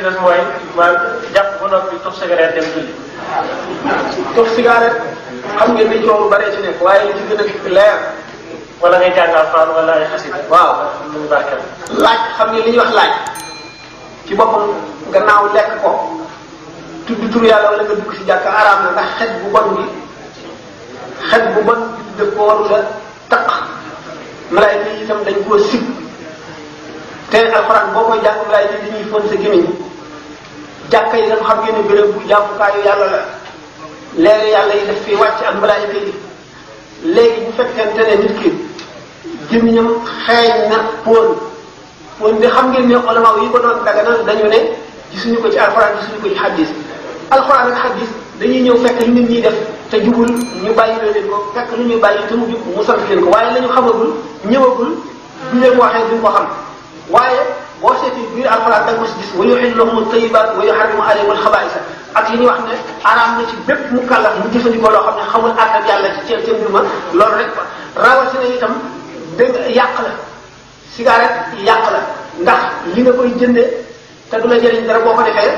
des mooy ma jàpp dem julli tux xam ngeen ni coow bare ci nekk waaye li a leer wala waaw ñu barkeel laaj xam ngeen li ñuy wax laaj ci boppam gannaaw lekk ko tudd tur yàlla wala nga dugg si jàkk araam na ndax xet bu bon bi xet bu bon bi def ko waru la taq malaay bi itam dañ ko sib te alxuraan boo koy jàng malaay bi dañuy fon sa gémmiñ jàkka yi dafa xam ngeen ne béréb bu jaamukaayu yàlla la leer yàlla yi daf fi wàcc ak malaayika yi léegi bu fekkente ne nit ki gémmiñam xeeñ na poon poon bi xam ngeen ne olama yi ko doon daganal dañu ne gisuñu ko ci alxuraan gisuñu ko ci xaddis alxuraan ak xaddis dañuy ñëw fekk lu nit ñiy def te jubul ñu bàyyi leen ko fekk lu ñuy bàyyi te mu jub mu sant ko waaye la xamagul ñëwagul bu leen waxee duñ ko xam waaye boo seeti biir alxuraan da nga si gis wa yuhilluhum tayyibaat wa yuharrimu alayhim alxabaa'isa ak yi ñuy wax ne araam na ci bépp mu kàllax mu jëfandikoo loo xam ne xamul àtt ak yàlla ci ceeb ceeb bi ma loolu rek fa rawatina itam dégg yàq la cigarette yàq la ndax li nga koy jëndee te du la jëriñ dara boo ko defee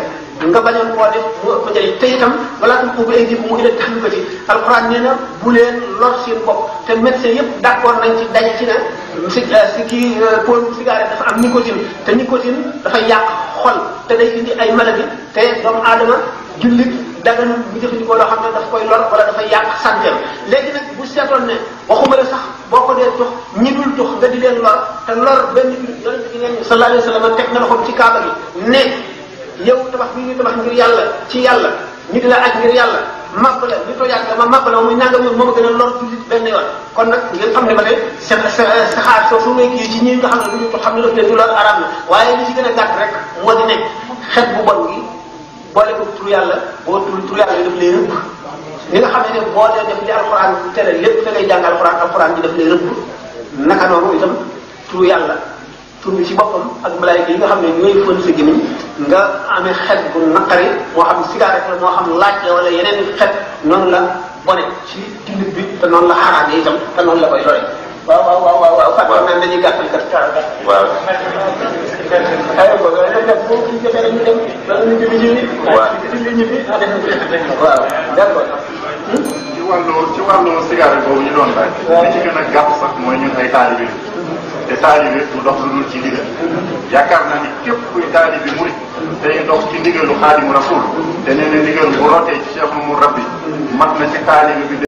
nga bañoon koo def mu ëpp njëriñ te itam balaa nga ko bëggee ko ci alxuraan nee na bu leen lor seen bopp te médecin yëpp d'accord nañ ci daje ci ne si si euh, kii euh, poone cigarette dafa am nicotine te nicotine dafay yàq xol te day indi ay maladie te doomu aadama jullit dagan bu jëfandikoo loo xam ne daf koy lor wala dafay yàq santeem léegi nag bu seetoon ne waxuma la sax boo ko dee tux ñi dul tux ga di leen lor te lor benn bi yonent bi ngeen sallallahu alayhi wa sallam na loxoom ci kaaba gi ne yow tabax bi ñu tabax ngir yàlla ci yàlla ñu di la aj ngir yàlla màbb la ñu tojaat la ma màbb la muy nangam yoon moo ma a lor jullit benn yoon kon nag ngeen xam ne ma ne sa saxaar soo fu ngay kii ci ñi nga xam ne du ñu xam ne daf leen du la arab la waaye li ci rek moo di bu bon gi boole ko tur yàlla boo tur tur yàlla daf lay rëbb nga xam ne ne boo dee def li alxuraan tere lépp da ngay jàng alxuraan alxuraan ji daf lay rëbb naka noonu itam tur yàlla tur bi ci boppam ak malaayka yi nga xam ne ñooy fóon sa gémmiñ nga amee xet bu naqari moo xam cigarette la moo xam laaj la wala yeneen xet noonu la bone ci dindit bi te noonu la xaraamee itam te noonu la koy lore. waaw waaw waaw waaw waaw Fatou Seye man dañuy gàttal kat. waaw. aywa boobu da ngay def boo ko jotee rek ñu dem bala ñu jëli jëli. waaw jëli ñibbi. waaw d'accord. Hmm? ci wàllu ci wàllu cigarette boobu ñu doon laaj. waaw li ci gën a gàtt sax mooy ñun ay taalibe te taalibe du dox lu dul ci ndigal yaakaar naa ni képp kuy taalibe murit day dox ci ndigalu xaadimu rasul te nee na ndigal bu rotee ci Cheikh Mamadou Rabbi mat na ci taalibe bi